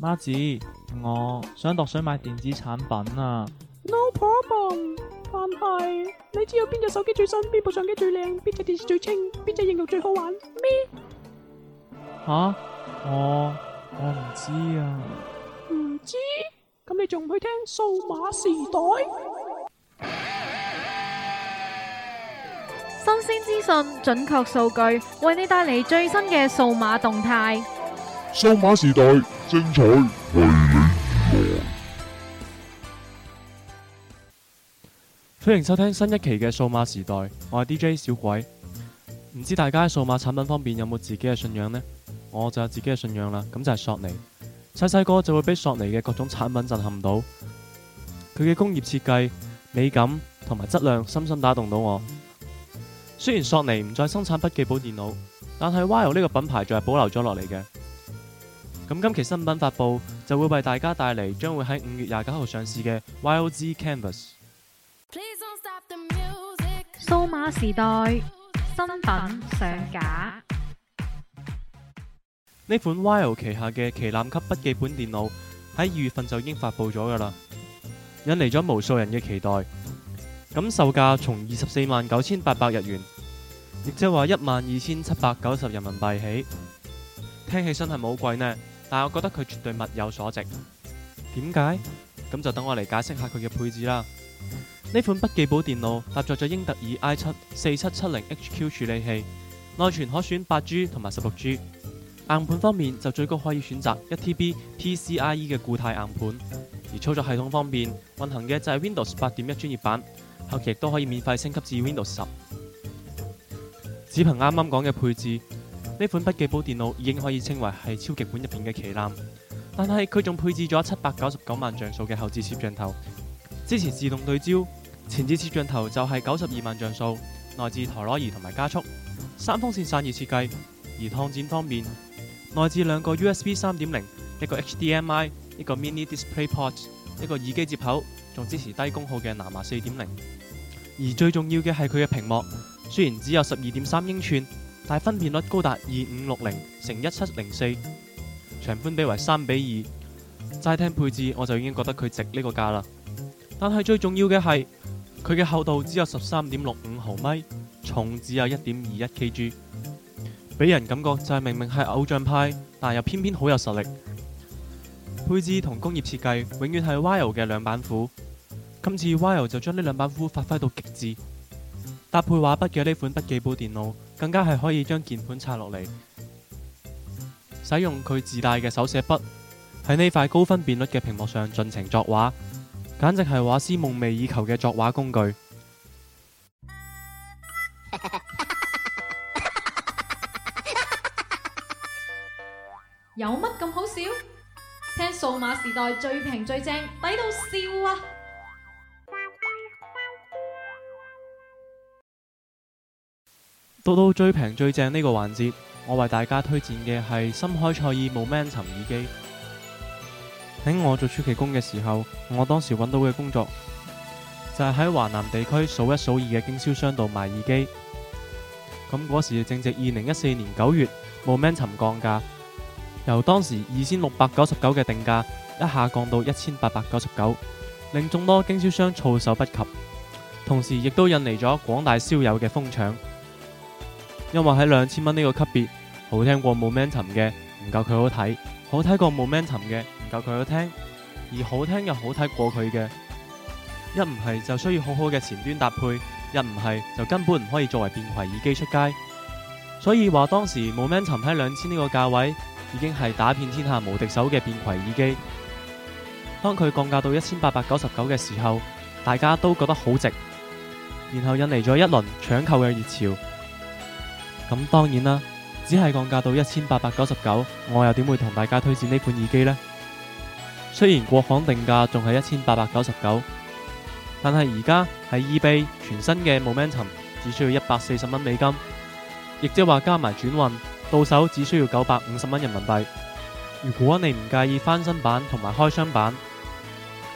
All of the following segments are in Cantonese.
媽子，我想度水買電子產品啊！No problem，但係你知有邊隻手機最新，邊部相機最靚，邊隻電視最清，邊隻應用最好玩咩？吓、啊，我我唔知啊，唔知，咁你仲唔去聽數碼時代？新鮮資訊，準確數據，為你帶嚟最新嘅數碼動態。數碼時代，精彩為你而嚟。歡迎收聽新一期嘅數碼時代，我係 DJ 小鬼。唔知大家喺數碼產品方面有冇自己嘅信仰呢？我就有自己嘅信仰啦，咁就係索尼。細細個就會俾索尼嘅各種產品震撼到，佢嘅工業設計、美感同埋質量深深打動到我。雖然索尼唔再生產筆記本電腦，但係 VAIO 呢個品牌仲係保留咗落嚟嘅。咁今期新品發佈就會為大家帶嚟，將會喺五月廿九號上市嘅 VAIO Z Canvas。數碼時代新品上架，呢款 VAIO 旗下嘅旗艦級筆記本電腦喺二月份就已經發佈咗噶啦，引嚟咗無數人嘅期待。咁售價從二十四萬九千八百日元，亦即係話一萬二千七百九十人民幣起，聽起身係冇貴呢。但我覺得佢絕對物有所值，點解？咁就等我嚟解釋下佢嘅配置啦。呢款筆記簿電腦搭載咗英特爾 i7 四七七零 HQ 處理器，內存可選八 G 同埋十六 G，硬盤方面就最高可以選擇一 TB PCIe 嘅固態硬盤，而操作系統方面運行嘅就係 Windows 八點一專業版，後期亦都可以免費升級至 Windows 十。只憑啱啱講嘅配置。呢款筆記本電腦已經可以稱為係超極本入邊嘅旗艦，但係佢仲配置咗七百九十九萬像素嘅後置攝像頭，支持自動對焦；前置攝像頭就係九十二萬像素，內置陀螺儀同埋加速，三風扇散熱設計。而擴展方面，內置兩個 USB 三點零，一個 HDMI，一個 Mini Display Port，一個耳機接口，仲支持低功耗嘅藍牙四點零。而最重要嘅係佢嘅屏幕，雖然只有十二點三英寸。但分辨率高達二五六零乘一七零四，長寬比為三比二，齋聽配置我就已經覺得佢值呢個價啦。但係最重要嘅係佢嘅厚度只有十三點六五毫米，重只有一點二一 Kg，俾人感覺就係明明係偶像派，但又偏偏好有實力。配置同工業設計永遠係 VAIO 嘅兩板斧，今次 VAIO 就將呢兩板斧發揮到極致，搭配畫筆嘅呢款筆記簿電腦。更加係可以將鍵盤拆落嚟，使用佢自帶嘅手寫筆喺呢塊高分辨率嘅屏幕上盡情作畫，簡直係畫師夢寐以求嘅作畫工具。有乜咁好笑？聽數碼時代最平最正，抵到笑啊！到到最平最正呢個環節，我為大家推薦嘅係森海塞爾 Momentum 耳機。喺我做暑期工嘅時候，我當時揾到嘅工作就係、是、喺華南地區數一數二嘅經銷商度賣耳機。咁嗰時正值二零一四年九月 Momentum 降價，由當時二千六百九十九嘅定價一下降到一千八百九十九，令眾多經銷商措手不及，同時亦都引嚟咗廣大燒友嘅瘋搶。因為喺兩千蚊呢個級別，好聽過 Momentum 嘅唔夠佢好睇，好睇過 Momentum 嘅唔夠佢好聽，而好聽又好睇過佢嘅，一唔係就需要好好嘅前端搭配，一唔係就根本唔可以作為便攜耳機出街。所以話當時 Momentum 喺兩千呢個價位，已經係打遍天下無敵手嘅便攜耳機。當佢降價到一千八百九十九嘅時候，大家都覺得好值，然後引嚟咗一輪搶購嘅熱潮。咁當然啦，只係降價到一千八百九十九，我又點會同大家推薦呢款耳機呢？雖然國行定價仲係一千八百九十九，但係而家係 eBay 全新嘅 Momentum 只需要一百四十蚊美金，亦即係話加埋轉運到手只需要九百五十蚊人民幣。如果你唔介意翻新版同埋開箱版，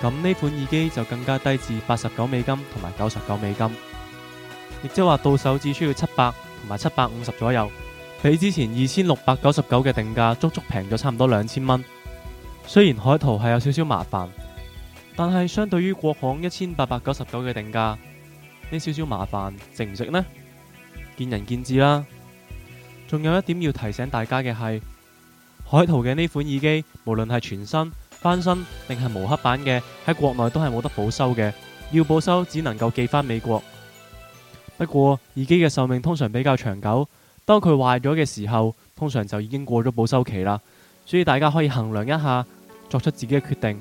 咁呢款耳機就更加低至八十九美金同埋九十九美金，亦即係話到手只需要七百。同埋七百五十左右，比之前二千六百九十九嘅定價足足平咗差唔多兩千蚊。雖然海淘係有少少麻煩，但係相對於國行一千八百九十九嘅定價，呢少少麻煩值唔值呢？見仁見智啦。仲有一點要提醒大家嘅係，海淘嘅呢款耳機，無論係全新、翻新定係無黑版嘅，喺國內都係冇得保修嘅，要保修只能夠寄返美國。不過，耳機嘅壽命通常比較長久，當佢壞咗嘅時候，通常就已經過咗保修期喇，所以大家可以衡量一下，作出自己嘅決定。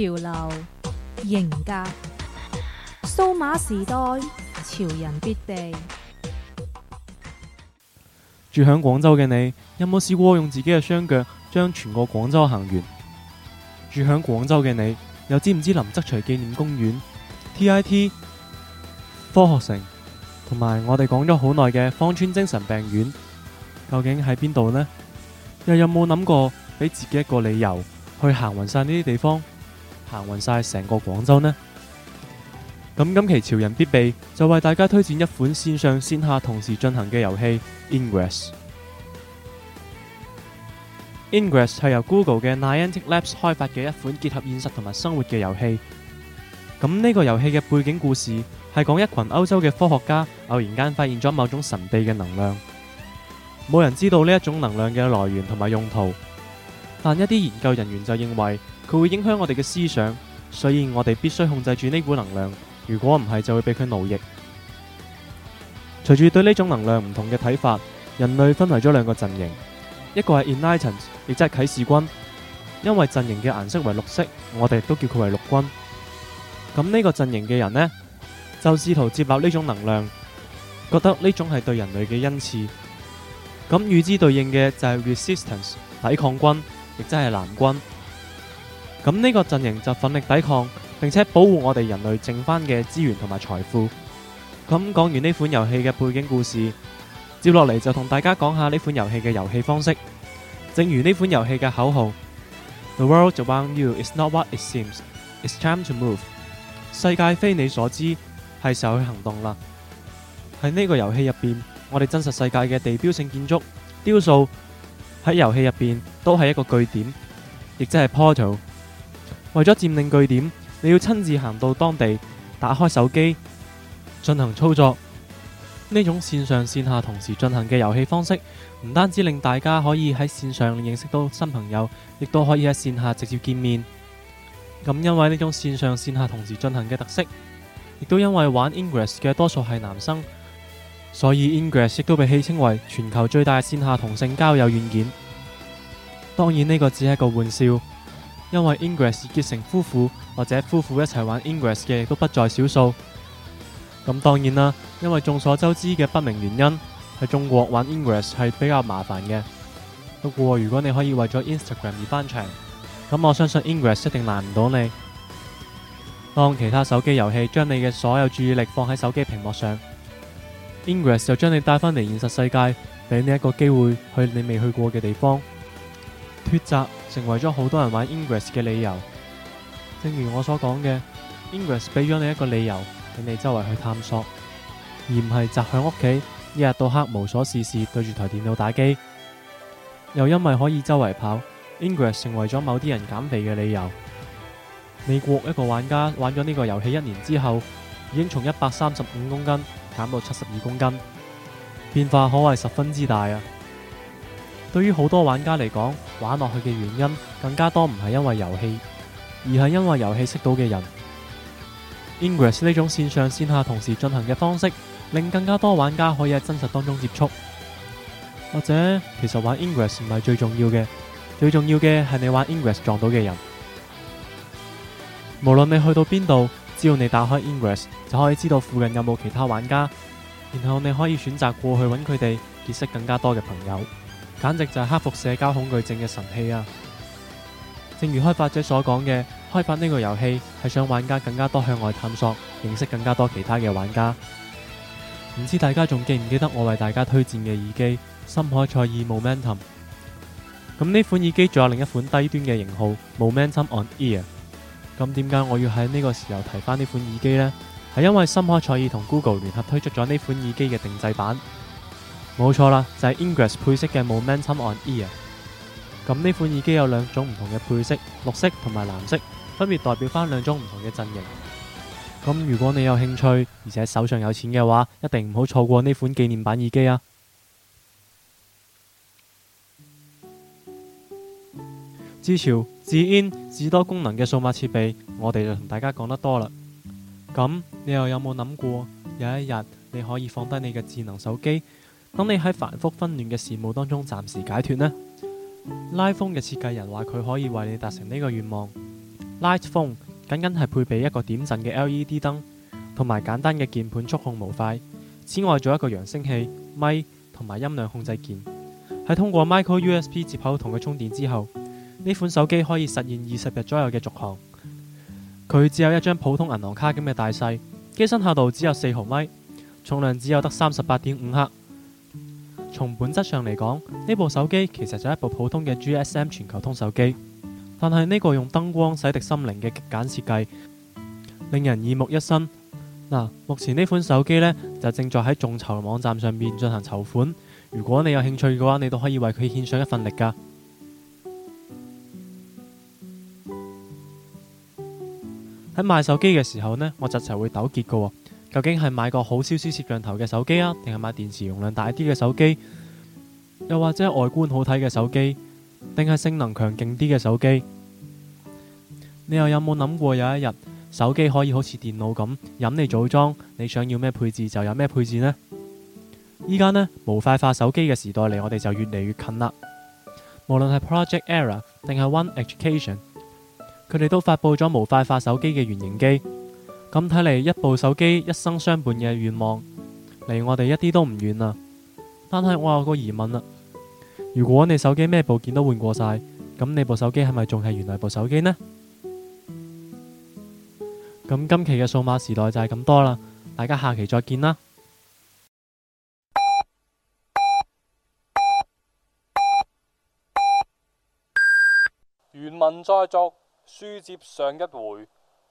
潮流型格，數碼時代潮人必地。住喺廣州嘅你，有冇試過用自己嘅雙腳將全個廣州行完？住喺廣州嘅你，又知唔知林則徐紀念公園、TIT 科學城同埋我哋講咗好耐嘅芳村精神病院，究竟喺邊度呢？又有冇諗過俾自己一個理由去行匀晒呢啲地方？行運晒成個廣州呢？咁今期潮人必備就為大家推薦一款線上線下同時進行嘅遊戲 Ingress。Ingress 係由 Google 嘅 Niantic Labs 開發嘅一款結合現實同埋生活嘅遊戲。咁呢個遊戲嘅背景故事係講一群歐洲嘅科學家偶然間發現咗某種神秘嘅能量，冇人知道呢一種能量嘅來源同埋用途，但一啲研究人員就認為。佢會影響我哋嘅思想，所以我哋必須控制住呢股能量。如果唔係，就會畀佢奴役。隨住對呢種能量唔同嘅睇法，人類分為咗兩個陣營，一個係 Enlightened，亦即係啟示軍，因為陣營嘅顏色為綠色，我哋都叫佢為綠軍。咁呢個陣營嘅人呢，就試圖接納呢種能量，覺得呢種係對人類嘅恩賜。咁與之對應嘅就係 Resistance，抵抗軍，亦即係藍軍。咁呢個陣營就奮力抵抗，並且保護我哋人類剩翻嘅資源同埋財富。咁講完呢款遊戲嘅背景故事，接落嚟就同大家講下呢款遊戲嘅遊戲方式。正如呢款遊戲嘅口號：The world around you is not what it seems. It's time to move。世界非你所知，係時候去行動啦。喺呢個遊戲入邊，我哋真實世界嘅地標性建築、雕塑喺遊戲入邊都係一個據點，亦即係 portal。為咗佔領據點，你要親自行到當地，打開手機，進行操作。呢種線上線下同時進行嘅遊戲方式，唔單止令大家可以喺線上認識到新朋友，亦都可以喺線下直接見面。咁因為呢種線上線下同時進行嘅特色，亦都因為玩 Ingress 嘅多數係男生，所以 Ingress 亦都被戲稱為全球最大線下同性交友軟件。當然呢個只係一個玩笑。因為 Ingress 結成夫婦或者夫婦一齊玩 Ingress 嘅都不在少數。咁當然啦，因為眾所周知嘅不明原因，喺中國玩 Ingress 係比較麻煩嘅。不過如果你可以為咗 Instagram 而翻牆，咁我相信 Ingress 一定難唔到你。當其他手機遊戲將你嘅所有注意力放喺手機屏幕上，Ingress 就將你帶返嚟現實世界，俾你一個機會去你未去過嘅地方脫責。成為咗好多人玩 Ingress 嘅理由，正如我所講嘅，Ingress 俾咗你一個理由，令你周圍去探索，而唔係宅喺屋企一日到黑無所事事對住台電腦打機。又因為可以周圍跑，Ingress 成為咗某啲人減肥嘅理由。美國一個玩家玩咗呢個遊戲一年之後，已經從一百三十五公斤減到七十二公斤，變化可謂十分之大啊！對於好多玩家嚟講，玩落去嘅原因更加多唔係因為遊戲，而係因為遊戲識到嘅人。Ingress 呢種綫上綫下同時進行嘅方式，令更加多玩家可以喺真實當中接觸。或者其實玩 Ingress 唔係最重要嘅，最重要嘅係你玩 Ingress 撞到嘅人。無論你去到邊度，只要你打開 Ingress 就可以知道附近有冇其他玩家，然後你可以選擇過去搵佢哋，結識更加多嘅朋友。簡直就係克服社交恐懼症嘅神器啊！正如開發者所講嘅，開發呢個遊戲係想玩家更加多向外探索，認識更加多其他嘅玩家。唔知大家仲記唔記得我為大家推薦嘅耳機森海塞爾 Momentum？咁呢款耳機仲有另一款低端嘅型號 Momentum On Ear。咁點解我要喺呢個時候提翻呢款耳機呢？係因為森海塞爾同 Google 聯合推出咗呢款耳機嘅定制版。冇錯啦，就係 Ingress 配色嘅 Momentum On Ear 咁呢款耳機有兩種唔同嘅配色，綠色同埋藍色，分別代表返兩種唔同嘅陣營。咁如果你有興趣，而且手上有錢嘅話，一定唔好錯過呢款紀念版耳機啊！至潮、至 in、至多功能嘅數碼設備，我哋就同大家講得多啦。咁你又有冇諗過，有一日你可以放低你嘅智能手機？等你喺繁複紛亂嘅事務當中暫時解脫呢？Light Phone 嘅設計人話佢可以為你達成呢個願望。Light Phone 僅僅係配備一個點陣嘅 LED 燈同埋簡單嘅鍵盤觸控模塊，此外做一個揚聲器、咪同埋音量控制鍵。喺通過 Micro USB 接口同佢充電之後，呢款手機可以實現二十日左右嘅續航。佢只有一張普通銀行卡咁嘅大細，機身厚度只有四毫米，重量只有得三十八點五克。從本質上嚟講，呢部手機其實就係一部普通嘅 GSM 全球通手機，但係呢個用燈光洗滌心靈嘅極簡設計，令人耳目一新。嗱、啊，目前呢款手機呢，就正在喺眾籌網站上面進行籌款，如果你有興趣嘅話，你都可以為佢獻上一份力噶。喺賣手機嘅時候呢，我就就會糾結噶。究竟係買個好少少攝像頭嘅手機啊，定係買電池容量大啲嘅手機？又或者外觀好睇嘅手機，定係性能強勁啲嘅手機？你又有冇諗過有一日手機可以好似電腦咁，任你組裝，你想要咩配置就有咩配置呢？依家呢模塊化手機嘅時代離我哋就越嚟越近啦。無論係 Project Era 定係 One Education，佢哋都發佈咗模塊化手機嘅原型機。咁睇嚟，一部手機一生相伴嘅願望，離我哋一啲都唔遠啦。但係我有個疑問啦，如果你手機咩部件都換過晒，咁你部手機係咪仲係原來部手機呢？咁今期嘅數碼時代就係咁多啦，大家下期再見啦。原文再續，書接上一回。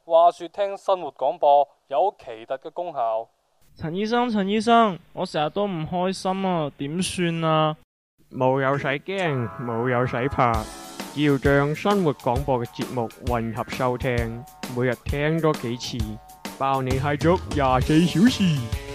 話說聽生活廣播有奇特嘅功效。陳醫生，陳醫生，我成日都唔開心啊，點算啊？冇有使驚，冇有使怕，只要將生活廣播嘅節目混合收聽，每日多聽多幾次，包你開足廿四小時。